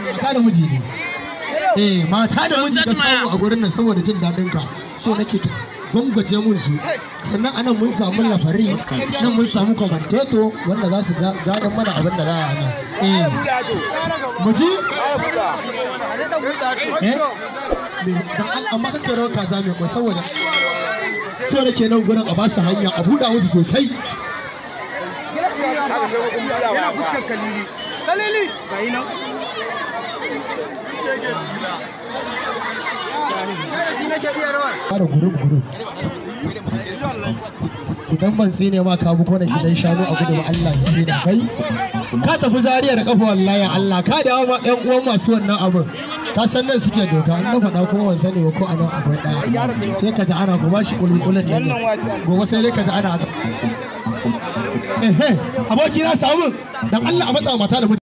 mata da miji ne eh mata da miji da samu a gurin nan saboda jin daɗin ka so nake ta gwamgwaje mun su sannan anan mun samu lafari nan mun samu kwamanteto wanda za su gadon mana abin da za a nan eh miji eh amma kake rawar kaza mai kwai saboda so da ke nan gurin a basu hanya a buɗa musu sosai kalili ke iya rawar idan ban sai ne ma ka bu kona gidan shanu a gudu Allah ya ke da kai ka tafi zariya da kafa wallahi Allah ka da ma ɗan uwan masu wannan abin ka san nan suke doka an na faɗa kuma wannan sani ko anan abu akwai ɗaya sai ka ta ana kuma shi kulkulan da ne gobe sai dai ka ta ana ehe aboki na samu dan Allah a matsa mata da